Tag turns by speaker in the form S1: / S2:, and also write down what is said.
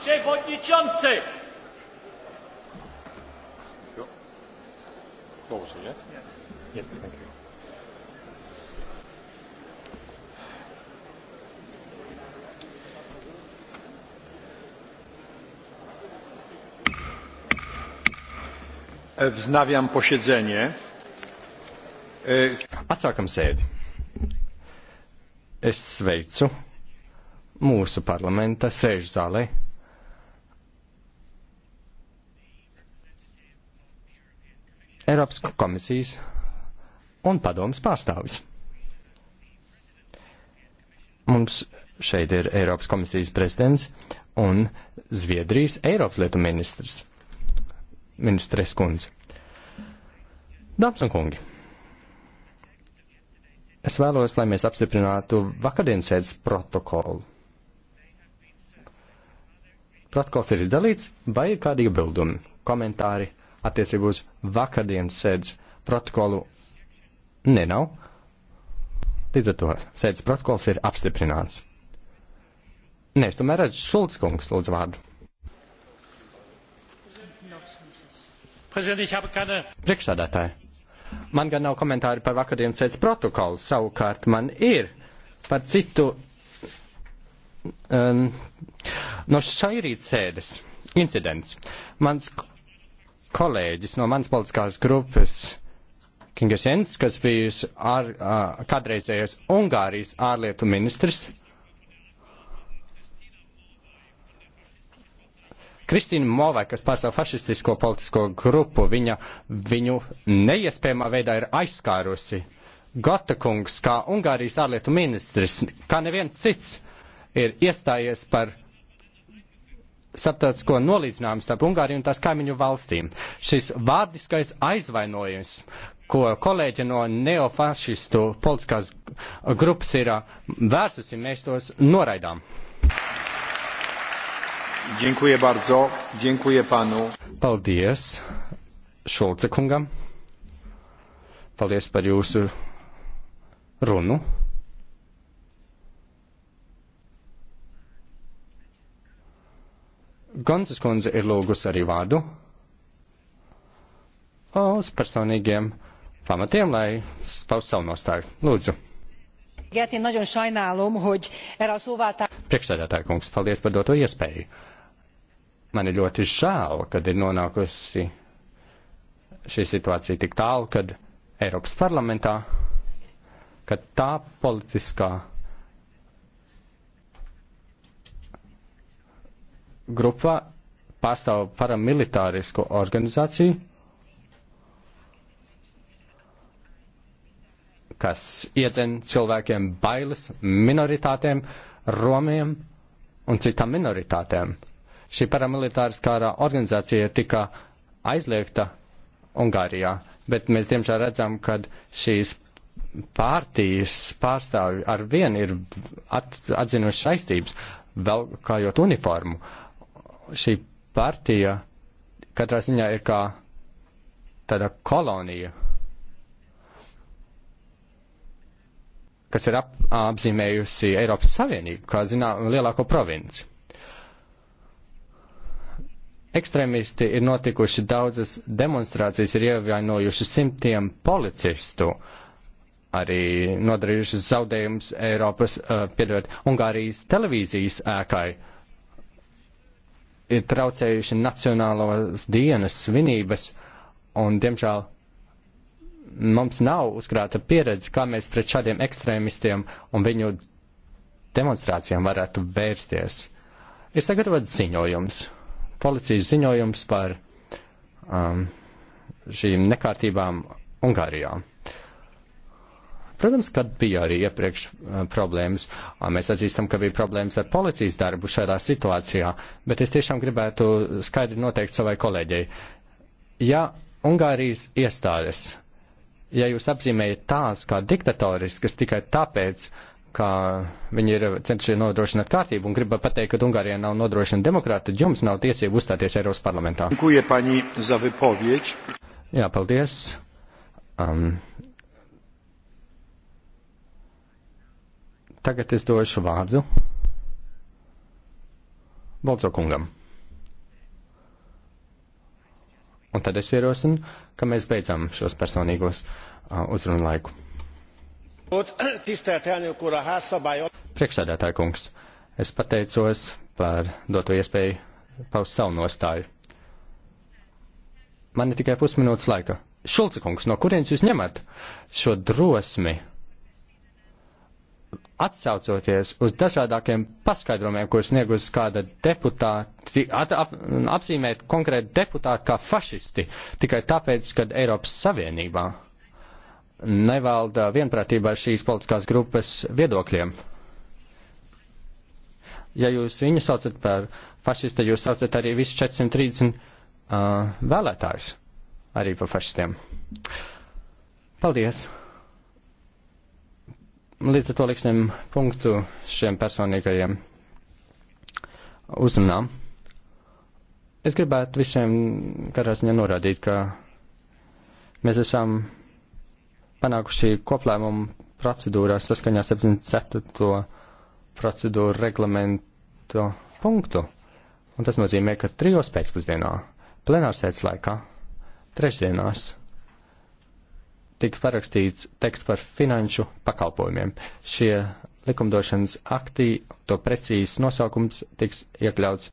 S1: przewodniczący! Wznawiam posiedzenie. E, Atsākam sēdi. Es sveicu mūsu parlamenta sēžu zālē. Eiropas komisijas un padomas pārstāvis. Mums šeit ir Eiropas komisijas prezidents un Zviedrijas Eiropas lietu ministrs, ministres kundze. Dāmas un kungi, es vēlos, lai mēs apstiprinātu vakardienas sēdes protokolu. Protokols ir izdalīts, vai ir kādi iebildumi, komentāri? attiecībā uz vakardienas sēdes protokolu ne nav. Līdz ar to sēdes protokols ir apstiprināts. Nē, es tomēr redzu Šulc kungs, lūdzu vārdu. Priekšsādātāji, man gan nav komentāri par vakardienas sēdes protokolu, savukārt man ir par citu um, no šai rīt sēdes incidents. Mans kolēģis no manas politiskās grupas Kingersens, kas bijis ar, uh, kadreizējais Ungārijas ārlietu ministrs. Kristīna Movai, kas pārstāv fašistisko politisko grupu, viņa, viņu neiespējamā veidā ir aizskārusi. Gota kungs, kā Ungārijas ārlietu ministrs, kā neviens cits, ir iestājies par starptautisko nolīdzinājumu starp Ungāriju un tās kaimiņu valstīm. Šis vārdiskais aizvainojums, ko kolēģi no neofašistu politiskās grupas ir uh, vērsusi, mēs tos noraidām. Dziękuję bardzo. Dziękuję panu. Paldies Šulce kungam. Paldies par jūsu runu. Gonzes kundze ir lūgus arī vārdu uz personīgiem pamatiem, lai spaust savu nostāju. Lūdzu. Priekšsēdētāja kungs, paldies par doto iespēju. Man ir ļoti žēl, kad ir nonākusi šī situācija tik tālu, kad Eiropas parlamentā, kad tā politiskā grupā pārstāv paramilitārisku organizāciju, kas iedzen cilvēkiem bailes minoritātēm, romiem un citām minoritātēm. Šī paramilitāriskā organizācija tika aizliegta Ungārijā, bet mēs diemžēl redzam, ka šīs pārtīs pārstāvi ar vienu ir at, atzinuši saistības, vēl kājot uniformu. Uh, šī partija katrā ziņā ir kā tāda kolonija, kas ir ap, apzīmējusi Eiropas Savienību kā, zinām, lielāko provinci. Ekstrēmisti ir notikuši daudzas demonstrācijas, ir ievainojuši simtiem policistu, arī nodarījuši zaudējumus Eiropas, uh, eh, piedod, Ungārijas televīzijas ēkai. Uh, ir traucējuši nacionālos dienas svinības, un, diemžēl, mums nav uzkrāta pieredze, kā mēs pret šādiem ekstrēmistiem un viņu demonstrācijām varētu vērsties. Ir sagatavots ziņojums, policijas ziņojums par um, šīm nekārtībām Ungārijā. Uh, Protams, kad bija arī iepriekš eh, problēmas, mēs atzīstam, ka bija problēmas ar policijas darbu šajā situācijā, bet es tiešām gribētu skaidri noteikt savai kolēģei. Ja Ungārijas iestādes, ja jūs apzīmējat tās kā diktatoriskas tikai tāpēc, ka viņi ir centušies nodrošināt kārtību un grib pateikt, ka Ungārijā nav nodrošina demokrāta, tad jums nav tiesību uzstāties Eiropas parlamentā. Jā, paldies. Um, Tagad es došu vārdu Balco kungam. Un tad es ierosinu, ka mēs beidzam šos personīgos uh, uzrunu laiku. Priekšsēdētāja kungs, es pateicos par doto iespēju paust savu nostāju. Man ir tikai pusminūtes laika. Šulce kungs, no kurienes jūs ņemat šo drosmi? atsaucoties uz dažādākiem paskaidrojumiem, kurus sniegus kāda deputāti, at, ap, apzīmēt konkrēti deputāti kā fašisti, tikai tāpēc, ka Eiropas Savienībā nevalda vienprātībā ar šīs politiskās grupas viedokļiem. Ja jūs viņu saucat par fašistu, jūs saucat arī visus 430 uh, vēlētājus arī par fašistiem. Paldies! līdz ar to liksim punktu šiem personīgajiem uzrunām. Es gribētu visiem katrā ziņā norādīt, ka mēs esam panākuši koplēmumu procedūrā saskaņā 74. procedūru reglamentu punktu. Un tas nozīmē, ka trijos pēcpusdienā, plenārsēdes laikā, trešdienās tiks parakstīts teksts par finanšu pakalpojumiem. Šie likumdošanas akti, to precīzs nosaukums tiks iekļauts